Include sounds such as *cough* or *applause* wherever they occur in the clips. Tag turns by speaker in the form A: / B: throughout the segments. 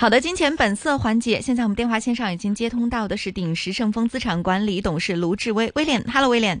A: 好的，金錢本色環節，現在我們電話線上已經接通到的是鼎石盛豐資產管理董事盧志威，威廉。哈嘍，威廉。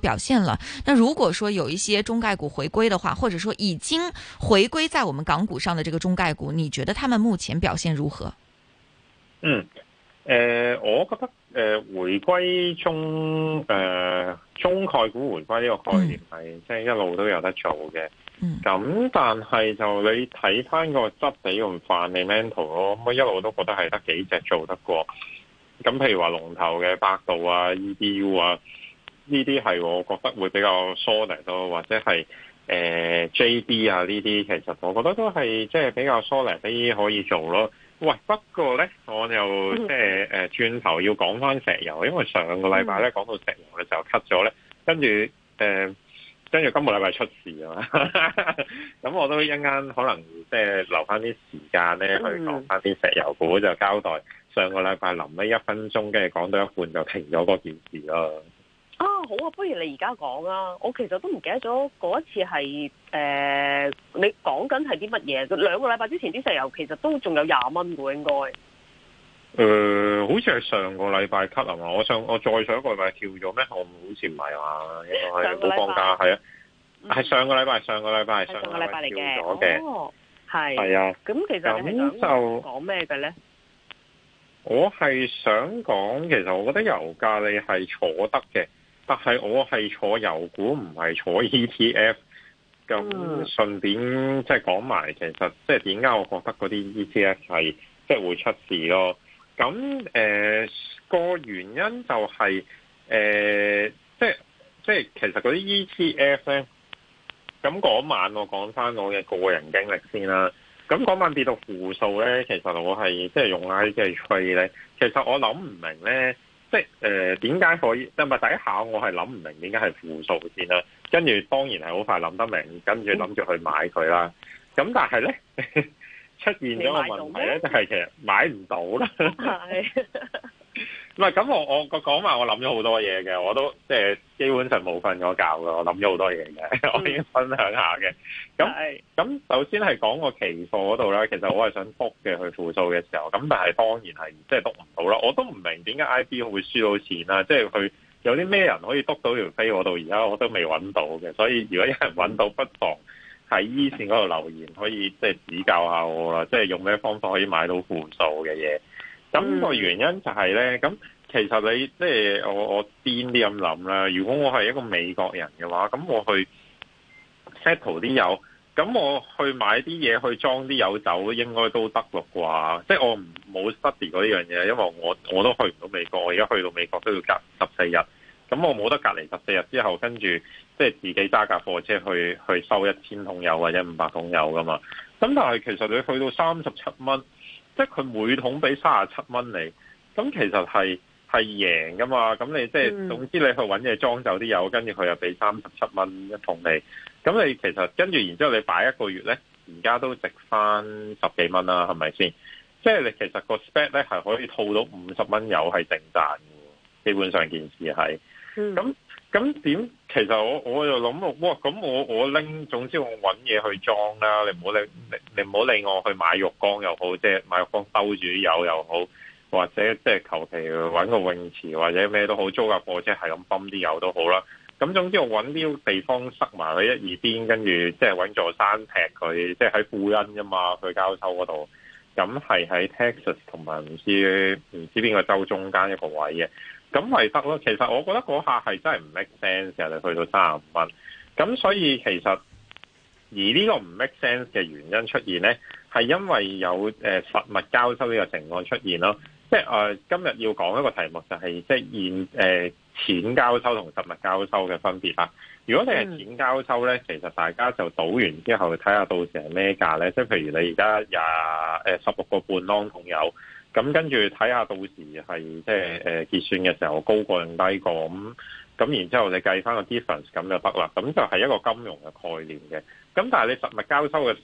A: 表現啦。那如果說有一些中概股回歸的話，或者說已經回歸在我們港股上的這個中概股，你覺得他們目前表現如何？
B: 嗯，誒、呃，我覺得誒、呃，回歸中誒、呃、中概股回歸呢個概念係即係一路都有得做嘅。咁、嗯、但係就你睇翻個質地用範嘅 fundamental 咯，咁我一路都覺得係得幾隻做得過。咁譬如話龍頭嘅百度啊、EDU 啊。呢啲係我覺得會比較 solid 咯，或者係誒 J B 啊，呢啲其實我覺得都係即係比較 solid 啲可以做咯。喂，不過咧，我又即係誒轉頭要講翻石油，因為上個禮拜咧講到石油咧就 cut 咗咧，跟住誒，跟住、呃、今個禮拜出事啊，咁 *laughs* 我都一陣間可能即係、就是、留翻啲時間咧去講翻啲石油股就交代上個禮拜臨尾一分鐘跟住講到一半就停咗嗰件事咯。
C: 啊，好啊，不如你而家講啊！我其實都唔記得咗嗰一次係誒、呃，你講緊係啲乜嘢？兩個禮拜之前啲石油其實都仲有廿蚊嘅，應該。
B: 誒、呃，好似係上個禮拜 cut 啊，我想我再上一個禮拜跳咗咩？我好似唔係嘛，因為都放假係啊，係上個禮拜，上個禮拜，上個禮拜嚟
C: 跳咗嘅。哦，係啊。咁其實咁就
B: 講咩嘅咧？我係想講，其實我覺得油價你係坐得嘅。但係我係坐油股，唔係坐 ETF。咁順便即係講埋，其實即係點解我覺得嗰啲 ETF 係即係會出事咯。咁誒、呃、個原因就係、是、誒、呃、即係即係其實嗰啲 ETF 咧，咁嗰晚我講翻我嘅個人經歷先啦。咁嗰晚跌到負數咧，其實我係即係用 I T 吹咧。其實我諗唔明咧。即係誒，點解可以？因為第一下我係諗唔明點解係負數先啦，跟住當然係好快諗得明，跟住諗住去買佢啦。咁但係咧，出現咗個問題咧，就係其實買唔到啦 *laughs* 是的。 *laughs* 唔係咁，我我講埋，我諗咗好多嘢嘅，我都即係基本上冇瞓咗覺咯，我諗咗好多嘢嘅，我已經分享下嘅。咁咁的首先係講個期貨嗰度啦，其實我係想篤嘅去負數嘅時候，咁但係當然係即係篤唔到啦。我都唔明點解 IB 會輸到錢啊！即係佢有啲咩人可以篤到條飛，我到而家我都未揾到嘅，所以如果有人揾到不，不妨喺 E 線嗰度留言，可以即係指教下我啦。即係用咩方法可以買到負數嘅嘢？咁個、嗯、原因就係、是、咧，咁其實你即係我我癲啲咁諗啦？如果我係一個美國人嘅話，咁我去 settle 啲油，咁我去買啲嘢去裝啲油走，應該都得咯啩？即係我冇 study 呢樣嘢，因為我我都去唔到美國，我而家去到美國都要隔十四日，咁我冇得隔離十四日之後，跟住即係自己揸架貨車去去收一千桶油或者五百桶油噶嘛？咁但係其實你去到三十七蚊。即係佢每桶俾三十七蚊你，咁其實係係贏噶嘛？咁你即係總之你去搵嘢裝走啲油，跟住佢又俾三十七蚊一桶你，咁你其實跟住然之後你擺一個月咧，而家都值翻十幾蚊啦，係咪先？即係你其實個 spec 咧係可以套到五十蚊油係定賺，基本上件事係咁。咁點？其實我我又諗喎，哇！咁我我拎，總之我揾嘢去裝啦。你唔好你你唔好理我去買浴缸又好，即係買浴缸兜住啲油又好，或者即係求其揾個泳池或者咩都好，租架貨車係咁泵啲油都好啦。咁總之我揾啲地方塞埋佢一二邊，跟住即係揾座山劈佢，即係喺庫欣啫嘛，去交收嗰度。咁係喺 Texas 同埋唔知唔知邊個州中間一個位嘅。咁咪得咯，其實我覺得嗰下係真係唔 make sense，就你去到三十五蚊。咁所以其實而呢個唔 make sense 嘅原因出現咧，係因為有誒實物交收呢個情況出現咯。即係誒、呃、今日要講一個題目就係、是、即係現誒錢、呃、交收同實物交收嘅分別啦。如果你係錢交收咧，其實大家就倒完之後睇下到時係咩價咧。即係譬如你而家廿誒十六個半盎仲有。咁跟住睇下到時係，即係誒結算嘅時候高過定低過咁，咁、嗯嗯、然之後你計返個 difference 咁就得啦。咁就係一個金融嘅概念嘅。咁但係你實物交收嘅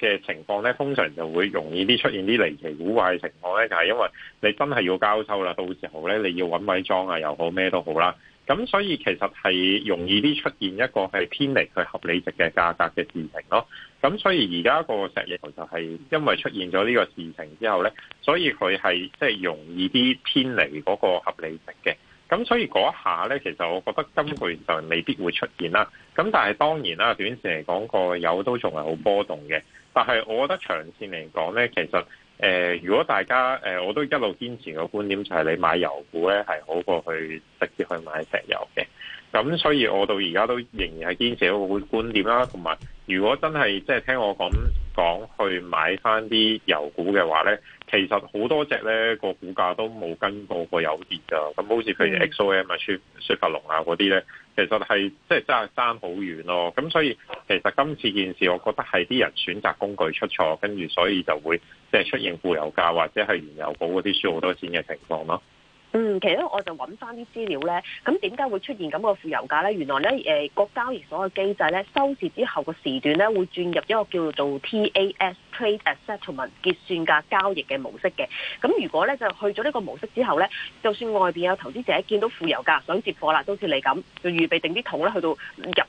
B: 嘅情況咧，通常就會容易啲出現啲離奇古怪嘅情況咧，就係、是、因為你真係要交收啦，到時候咧，你要揾位裝啊又好咩都好啦。咁所以其實係容易啲出現一個係偏離佢合理值嘅價格嘅事情咯。咁所以而家個石油就係因為出現咗呢個事情之後咧，所以佢係即係容易啲偏離嗰個合理值嘅。咁所以嗰下咧，其實我覺得今個月就未必會出現啦。咁但係當然啦，短線嚟講個油都仲係好波動嘅。但係我覺得長線嚟講咧，其實。誒、呃，如果大家誒、呃，我都一路堅持個觀點就係你買油股咧係好過去直接去買石油嘅，咁所以我到而家都仍然係堅持個觀點啦。同埋，如果真係即係聽我咁講去買翻啲油股嘅話咧。其實好多隻呢個股價都冇跟過個油跌㗎，咁好似譬如 XOM 啊、雪雪佛龍啊嗰啲呢，其實係即係爭爭好遠咯。咁所以其實今次件事，我覺得係啲人選擇工具出錯，跟住所以就會即係出現富油價或者係原油股嗰啲輸好多錢嘅情況咯。
C: 嗯，其實我就揾翻啲資料呢。咁點解會出現咁個負油價呢？原來呢，誒、呃、個交易所嘅機制咧，收市之後個時段呢，會轉入一個叫做 TAS Trade Settlement 結算價交易嘅模式嘅。咁如果呢，就去咗呢個模式之後呢，就算外邊有投資者見到負油價想接貨啦，都好似你咁，就預備定啲桶咧去到入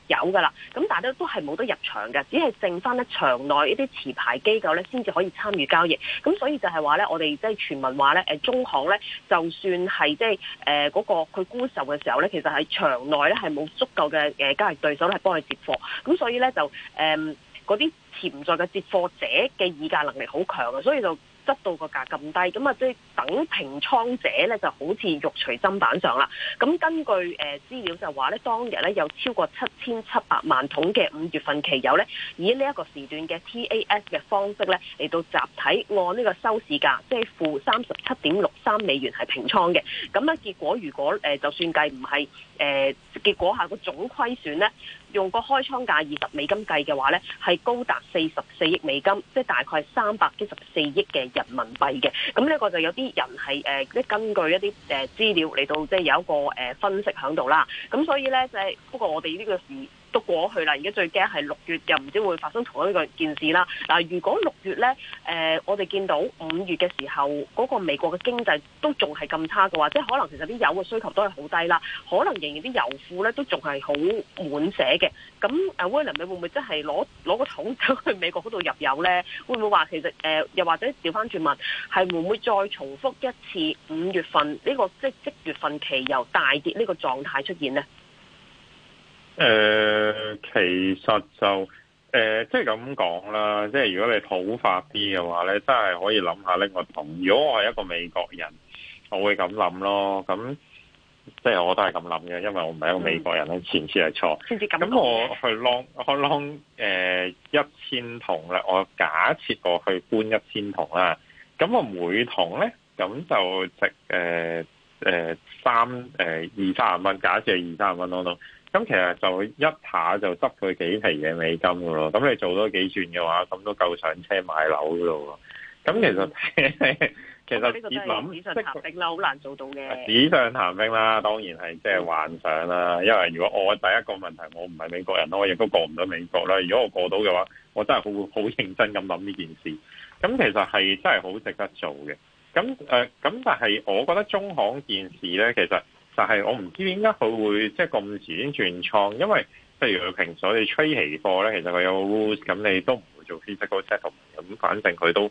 C: 油㗎喇。咁但係都係冇得入場嘅，只係剩翻呢場內一啲持牌機構呢先至可以參與交易。咁所以就係話呢，我哋即係傳聞話呢，誒、呃、中行呢就算，係即係誒，嗰、就是呃那個佢沽售嘅時候咧，其實喺場內咧係冇足夠嘅誒交易對手咧，係幫佢接貨，咁所以咧就誒，嗰啲潛在嘅接貨者嘅議價能力好強啊，所以就。執到個價咁低，咁啊，即係等平倉者咧，就好似肉隨砧板上啦。咁根據誒、呃、資料就話咧，當日咧有超過七千七百萬桶嘅五月份期油咧，以呢一個時段嘅 T A S 嘅方式咧嚟到集體按呢個收市價，即係負三十七點六三美元係平倉嘅。咁咧結果，如果誒、呃、就算計唔係誒結果下個總虧損咧。用個開倉價二十美金計嘅話呢，係高達四十四億美金，即係大概三百一十四億嘅人民幣嘅。咁呢個就有啲人係誒，即、呃、根據一啲誒資料嚟到，即係有一個誒、呃、分析喺度啦。咁所以呢，就係不過我哋呢個事，都過去啦，而家最驚係六月又唔知會發生同一個件事啦。嗱，如果六月咧，誒、呃，我哋見到五月嘅時候嗰、那個美國嘅經濟都仲係咁差嘅話，即係可能其實啲油嘅需求都係好低啦，可能仍然啲油庫咧都仲係好滿瀉嘅。咁，誒 William 你會唔會即係攞攞個桶走去美國嗰度入油咧？會唔會話其實誒、呃，又或者調返轉問，係會唔會再重複一次五月份呢、這個即即，即即月份期油大跌呢個狀態出現呢？誒。
B: 呃其實就誒、呃，即係咁講啦，即係如果你土法啲嘅話咧，你真係可以諗下拎個桶。如果我係一個美國人，我會咁諗咯。咁即係我都係咁諗嘅，因為我唔係一個美國人咧，前次係錯。咁我去 long 去 long 誒，一千桶啦。我假設我去搬一千桶啦。咁我每桶咧，咁就值誒誒三誒二三十蚊。假設係二三十蚊 l o 咁其實就一下就執佢幾皮嘅美金噶咯，咁你做多幾轉嘅話，咁都夠上車買樓噶咯。咁其實、嗯、 *laughs* 其實別諗、嗯，紙上談兵啦，
C: 好難做到嘅。紙、嗯
B: 嗯、上談兵啦，當然係即係幻想啦。因為如果我第一個問題我唔係美國人咯，我亦都過唔到美國啦。如果我過到嘅話，我真係好好認真咁諗呢件事。咁其實係真係好值得做嘅。咁誒，咁、呃、但係我覺得中行件事咧，其實但係我唔知點解佢會即係咁遲先轉倉，因為譬如佢平時我哋 trade 期貨咧，其實佢有 loss，咁你都唔會做 physical settlement，咁反正佢都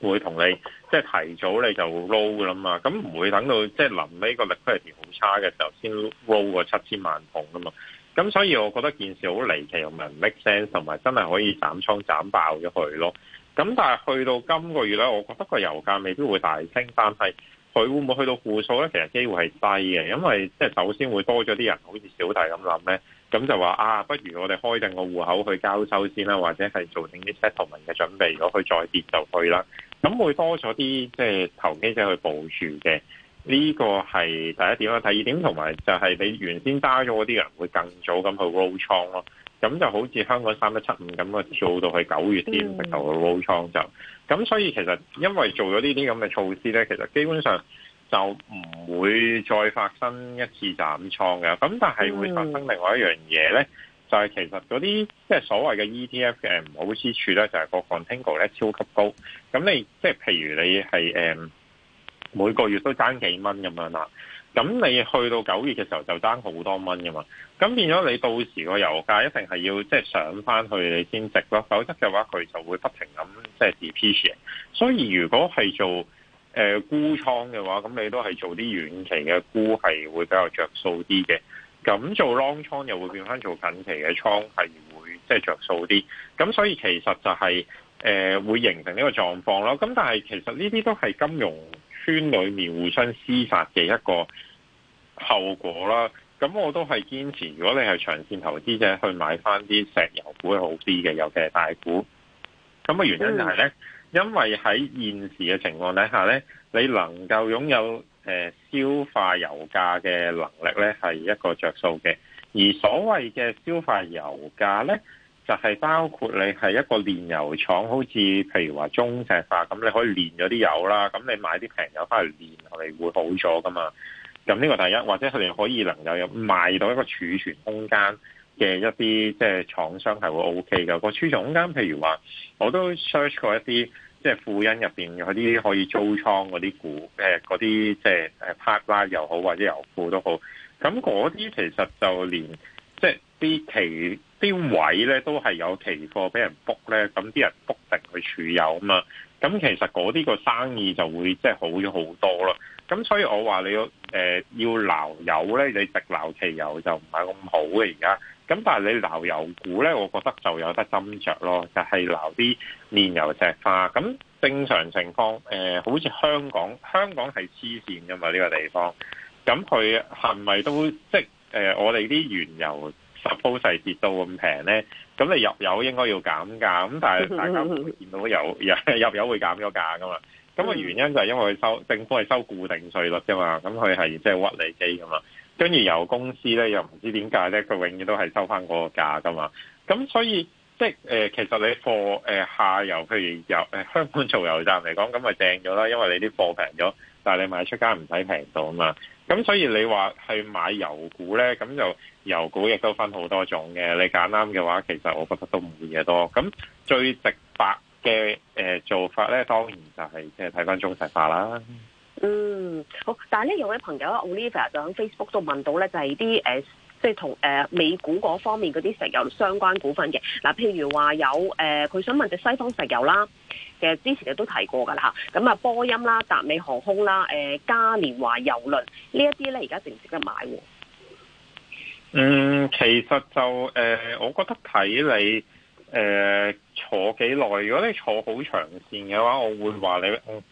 B: 會同你即係、就是、提早你就 roll 噶啦嘛，咁唔會等到即係臨尾個 liquidity 好差嘅時候先 roll 個七千萬桶噶嘛，咁所以我覺得件事好離奇，又唔 make sense，同埋真係可以斬倉斬爆咗佢咯。咁但係去到今個月咧，我覺得個油價未必會大升，但係，佢會唔會去到負數咧？其實機會係低嘅，因為即係首先會多咗啲人，好似小弟咁諗咧，咁就話啊，不如我哋開定個戶口去交收先啦，或者係做定啲 settlement 嘅準備，如果佢再跌就去啦。咁會多咗啲即係投機者去部署嘅。呢、這個係第一點啦，第二點同埋就係你原先揸咗嗰啲人會更早咁去 roll 倉咯。咁就好似香港三一七五咁啊，跳到，到去九月先，直頭、嗯、去 roll 倉就。咁所以其實因為做咗呢啲咁嘅措施咧，其實基本上就唔會再發生一次斬倉嘅。咁但係會發生另外一樣嘢咧，就係、是、其實嗰啲即係所謂嘅 ETF 嘅唔好之處咧，就係、是就是、個 contango 咧超級高。咁你即係、就是、譬如你係誒、嗯、每個月都爭幾蚊咁樣啦。咁你去到九月嘅時候就爭好多蚊㗎嘛，咁變咗你到時個油價一定係要即係、就是、上翻去你先值咯，否則嘅話佢就會不停咁即係 depreciate 所以如果係做誒、呃、沽倉嘅話，咁你都係做啲遠期嘅沽係會比較着數啲嘅。咁做 long 倉又會變翻做近期嘅倉係會即係着數啲。咁、就是、所以其實就係、是、誒、呃、會形成呢個狀況咯。咁但係其實呢啲都係金融圈裏面互相廝殺嘅一個後果啦，咁我都係堅持，如果你係長線投資者，去買翻啲石油股係好啲嘅，尤其係大股。咁嘅原因就係呢，嗯，因為喺現時嘅情況底下呢，你能夠擁有，呃，消化油價嘅能力呢，係一個着數嘅。而所謂嘅消化油價呢。就係包括你係一個煉油廠，好似譬如話中石化咁，你可以煉咗啲油啦。咁你買啲平油翻嚟煉，我哋會好咗㗎嘛？咁呢個第一，或者係可以能夠有賣到一個儲存空間嘅一啲即係廠商係會 OK 嘅個儲存空間。譬如話，我都 search 過一啲即係富欣入邊嗰啲可以租倉嗰啲股，誒嗰啲即係誒 park 啦又好，或者油庫都好。咁嗰啲其實就連即係啲期。啲位咧都係有期貨俾人 book 咧，咁啲人 book 定去儲油啊嘛，咁其實嗰啲個生意就會即係好咗好多咯。咁所以我話你要、呃、要撈油咧，你直撈期油就唔係咁好嘅而家。咁但係你撈油股咧，我覺得就有得斟酌咯，就係撈啲煉油石化。咁正常情況誒、呃，好似香港香港係黐線噶嘛呢個地方。咁佢係咪都會即係誒、呃、我哋啲原油？十鋪跌到咁平咧，咁你入油應該要減價，咁但係大家會見到油入油會減咗價噶嘛？咁嘅原因就係因為佢收政府係收固定稅率啫嘛，咁佢係即係屈你機噶嘛。跟住油公司咧又唔知點解咧，佢永遠都係收翻嗰個價噶嘛。咁所以即係誒，其實你貨誒下游，譬如油誒香港做油站嚟講，咁咪正咗啦，因為你啲貨平咗。但係你買出街唔使平到啊嘛，咁所以你話去買油股咧，咁就油股亦都分好多種嘅，你揀啱嘅話，其實我覺得都唔會嘅多。咁最直白嘅誒、呃、做法咧，當然就係即係睇翻中石化啦。
C: 嗯，好。但係呢，有位朋友 Oliver 就喺 Facebook 度問到咧，就係啲誒。呃即係同誒美股嗰方面嗰啲石油相關股份嘅嗱、呃，譬如話有誒，佢、呃、想問隻西方石油啦其實，之前嘅都提過噶啦，咁啊波音啦、達美航空啦、誒嘉年華郵輪呢一啲咧，而家值唔值得買？嗯，
B: 其實就誒、呃，我覺得睇你誒、呃、坐幾耐，如果你坐好長線嘅話，我會話你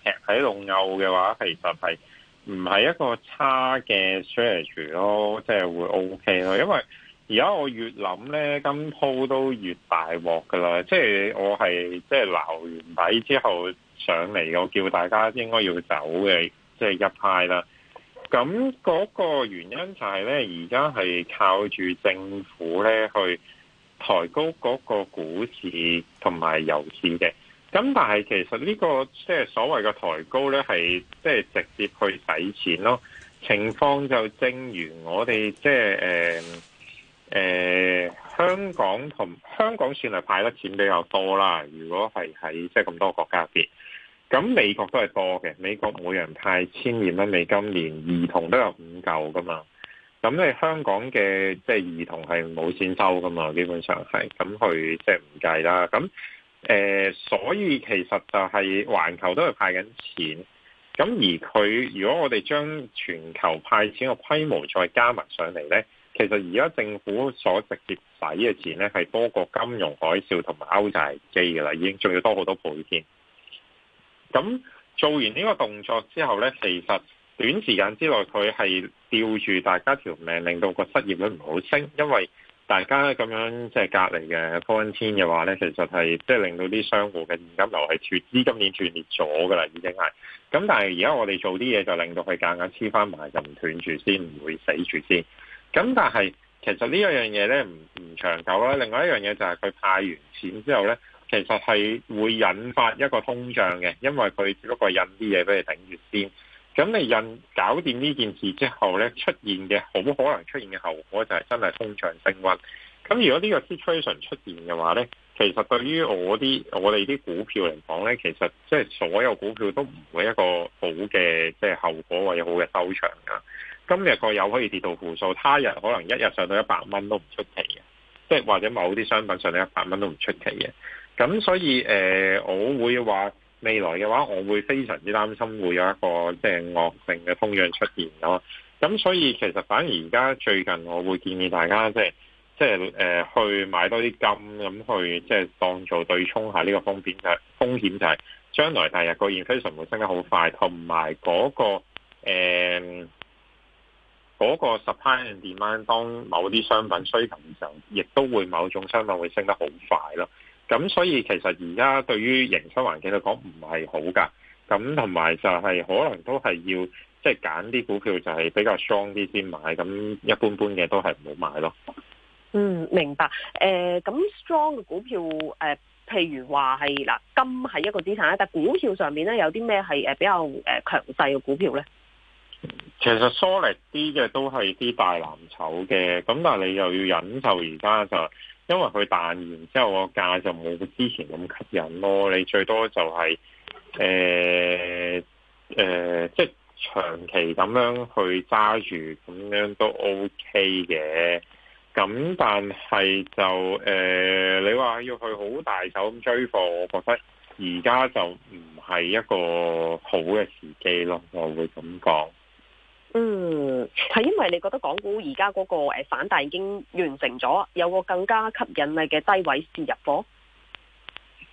B: 誒喺度拗嘅話，其實係。唔係一個差嘅 strategy 咯，即係會 OK 咯。因為而家我越諗咧，今鋪都越大鑊噶啦。即係我係即係撈完底之後上嚟嘅，我叫大家應該要走嘅，即係一派啦。咁嗰個原因就係咧，而家係靠住政府咧去抬高嗰個股市同埋油市嘅。咁但係其實個呢個即係所謂嘅抬高咧，係即係直接去使錢咯。情況就正如我哋即係誒誒，香港同香港算係派得錢比較多啦。如果係喺即係咁多個國家入邊，咁美國都係多嘅。美國每人派千二蚊美金，連兒童都有五嚿㗎嘛。咁你香港嘅即係兒童係冇錢收㗎嘛？基本上係咁佢即係唔計啦。咁誒、呃，所以其實就係環球都係派緊錢，咁而佢如果我哋將全球派錢嘅規模再加埋上嚟呢，其實而家政府所直接使嘅錢呢，係多過金融海嘯同埋歐債機㗎喇，已經仲要多好多倍添。咁做完呢個動作之後呢，其實短時間之內佢係吊住大家條命，令到個失業率唔好升，因為。大家咁樣即係隔離嘅，quarantine 嘅話咧，其實係即係令到啲商戶嘅現金流係脫，今年斷裂咗噶啦，已經係。咁但係而家我哋做啲嘢就令到佢夾硬黐翻埋，就唔斷住先，唔會死住先。咁但係其實呢一樣嘢咧，唔唔長久啦。另外一樣嘢就係佢派完錢之後咧，其實係會引發一個通脹嘅，因為佢只不過印啲嘢俾你頂住先。咁你印搞掂呢件事之後咧，出現嘅好可能出現嘅後果就係真係通脹升溫。咁如果呢個 situation 出現嘅話咧，其實對於我啲我哋啲股票嚟講咧，其實即係所有股票都唔會一個好嘅即係後果或者好嘅收場噶。今日個油可以跌到負數，他日可能一日上到一百蚊都唔出奇嘅，即係或者某啲商品上到一百蚊都唔出奇嘅。咁所以誒、呃，我會話。未來嘅話，我會非常之擔心會有一個即係、就是、惡性嘅通脹出現咯。咁所以其實反而而家最近，我會建議大家即係即係誒、呃、去買多啲金咁去即係當做對沖下呢個風險嘅風險就係、是、將來第日個油飛船會升得好快，同埋嗰個誒嗰、呃那個 supply and demand 當某啲商品需求嘅時候，亦都會某種商品會升得好快咯。咁所以其實而家對於營收環境嚟講唔係好噶，咁同埋就係可能都係要即係揀啲股票就係比較 strong 啲先買，咁一般般嘅都係唔好買咯。嗯，
C: 明白。誒、呃，咁 strong 嘅股票，誒、呃，譬如話係嗱，金係一個資產啦，但係股票上面咧有啲咩係誒比較誒強勢嘅股票咧，嗯？
B: 其實 solid 啲嘅都係啲大藍籌嘅，咁但係你又要忍受而家就。因為佢彈完之後個價就冇之前咁吸引咯，你最多就係誒誒，即係長期咁樣去揸住咁樣都 OK 嘅，咁但係就誒、呃,你話要去好大手咁追貨，我覺得而家就唔係一個好嘅時機咯，我會咁講。
C: 嗯，係因為你覺得港股而家嗰個誒反彈已經完成咗，有個更加吸引力嘅低位先入貨。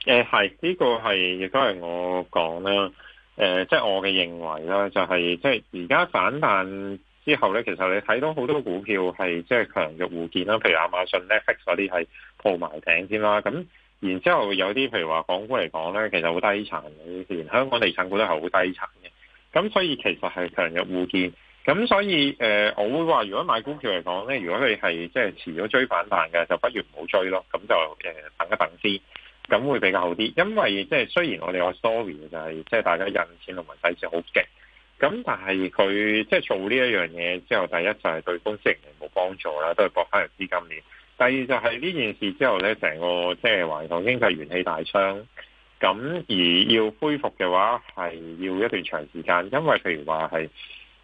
B: 誒係呢個係亦都係我講啦，誒即係我嘅認為啦、就是，就係即係而家反彈之後咧，其實你睇到好多股票係即係強弱互見啦，譬如亞馬遜、Netflix 嗰啲係破埋頂先啦，咁然之後有啲譬如話港股嚟講咧，其實好低殘，連香港地產股都係好低殘嘅，咁所以其實係強弱互見。咁所以，誒、呃，我會話，如果買股票嚟講咧，如果你係即係遲咗追反彈嘅，就不如唔好追咯。咁就誒等一等先，咁會比較好啲。因為即係、就是、雖然我哋話 sorry，就係即係大家印錢同埋使錢好勁咁，但係佢即係做呢一樣嘢之後，第一就係對公司盈利冇幫助啦，都係博翻嚟資金面。第二就係呢件事之後咧，成個即係環球經濟元氣大傷咁，而要恢復嘅話係要一段長時間，因為譬如話係。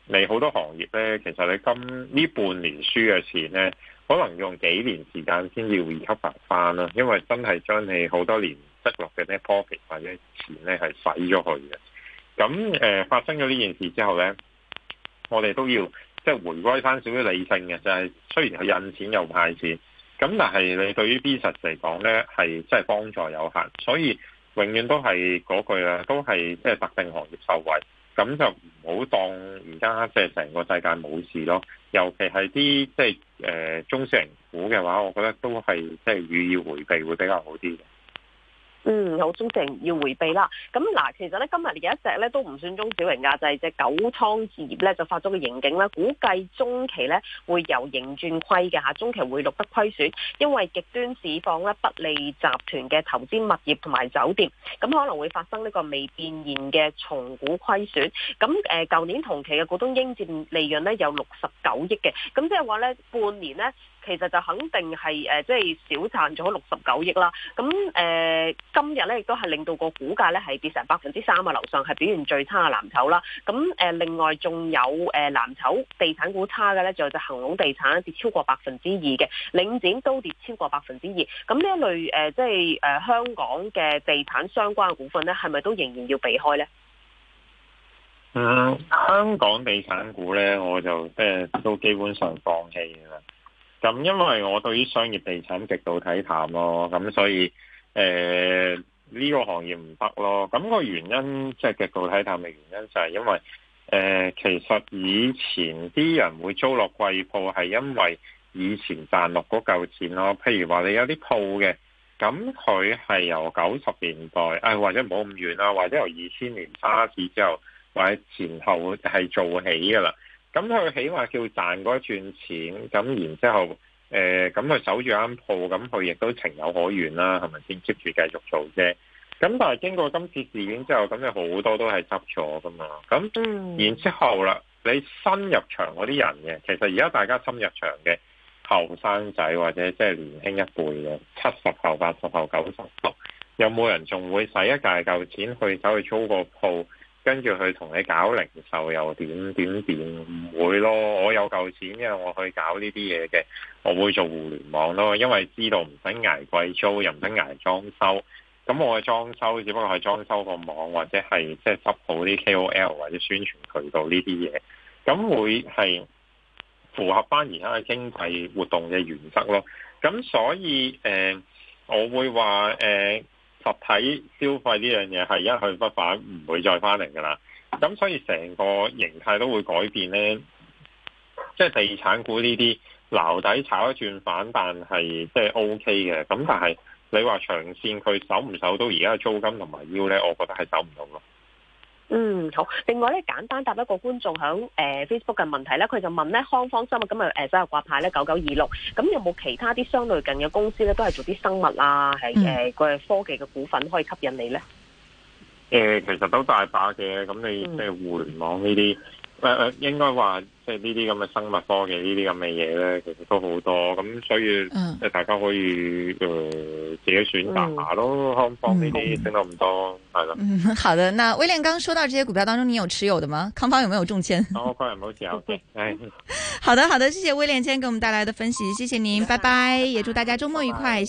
B: 你好多行業咧，其實你今呢半年輸嘅錢咧，可能用幾年時間先至會吸白翻啦，因為真係將你好多年積落嘅啲 profit 或者錢咧係使咗去嘅。咁誒、呃、發生咗呢件事之後咧，我哋都要即係、就是、回歸翻少少理性嘅，就係、是、雖然係印錢又派錢，咁但係你對於 B 實嚟講咧係真係幫助有限，所以永遠都係嗰句啦，都係即係特定行業受惠，咁就。唔好當而家即係成個世界冇事咯，尤其係啲即係誒、呃、中小型股嘅話，我覺得都係即係予以回避會比較好啲嘅。
C: 嗯，好中小型要回避啦。咁、嗯、嗱，其實咧今日有一隻咧都唔算中小型㗎，就係、是、隻九倉置業咧就發咗個盈警啦。估計中期咧會由盈轉虧嘅嚇，中期會錄得虧損，因為極端市況咧不利集團嘅投資物業同埋酒店，咁、嗯、可能會發生呢個未變現嘅重估虧損。咁、嗯、誒，舊年同期嘅股東應佔利潤咧有六十九億嘅，咁即係話咧半年咧。其實就肯定係誒，即係少賺咗六十九億啦。咁誒、呃，今日咧亦都係令到個股價咧係跌成百分之三嘅樓上係表現最差嘅藍籌啦。咁誒、呃，另外仲有誒、呃、藍籌地產股差嘅咧，有就就恒隆地產跌超過百分之二嘅，領展都跌超過百分之二。咁呢一類誒，即係誒香港嘅地產相關嘅股份咧，係咪都仍然要避開咧？
B: 嗯，香港地產股咧，我就即係、呃、都基本上放棄啦。咁因為我對於商業地產極度睇淡咯，咁所以誒呢、呃這個行業唔得咯。咁、那個原因即係極度睇淡嘅原因，就係因為誒、呃、其實以前啲人會租落貴鋪，係因為以前賺落嗰嚿錢咯。譬如話你有啲鋪嘅，咁佢係由九十年代誒、哎，或者冇咁遠啦，或者由二千年沙士之後，或者前後係做起㗎啦。咁佢起碼叫賺嗰一轉錢，咁然之後，誒、呃，咁佢守住間鋪，咁佢亦都情有可原啦，係咪先？keep 住繼續做啫。咁但係經過今次事件之後，咁你好多都係執咗㗎嘛。咁、嗯、然之後啦，你新入場嗰啲人嘅，其實而家大家新入場嘅後生仔或者即係年輕一輩嘅七十後、八十後、九十後，有冇人仲會使一大嚿錢去走去租個鋪？跟住去同你搞零售又點點點唔會咯！我有嚿錢嘅，我去搞呢啲嘢嘅，我會做互聯網咯，因為知道唔使捱貴租，又唔使捱裝修。咁我嘅裝修只不過係裝修個網，或者係即係執好啲 KOL 或者宣傳渠道呢啲嘢，咁會係符合翻而家嘅經濟活動嘅原則咯。咁所以誒、呃，我會話誒。呃實體消費呢樣嘢係一去不返，唔會再翻嚟噶啦。咁所以成個形態都會改變呢，即係地產股呢啲撈底炒一轉反彈係即係、OK，但係即係 O K 嘅。咁但係你話長線佢守唔守到而家嘅租金同埋腰呢？我覺得係守唔到咯。
C: 嗯，好。另外咧，簡單答一個觀眾響誒 Facebook 嘅問題咧，佢就問咧康方生物咁啊，誒，今日掛、呃、牌咧九九二六，咁有冇其他啲相類近嘅公司咧，都係做啲生物啊，係誒，佢、呃、係科技嘅股份可以吸引你咧？
B: 誒、嗯，其實都大把嘅，咁你誒、嗯、互聯網呢啲。誒誒，應該話即係呢啲咁嘅生物科技呢啲咁嘅嘢咧，其實都好多咁，所以即係大家可以誒自己選擇下咯，康方呢啲升得唔多，係咯。
A: 好的，那威廉剛說到這些股票當中，你有持有的嗎？康方有沒有中簽？康方唔好少，對，係。好的，好的，謝謝威廉今天給我們帶來的分析，謝謝您，拜拜，也祝大家周末愉快。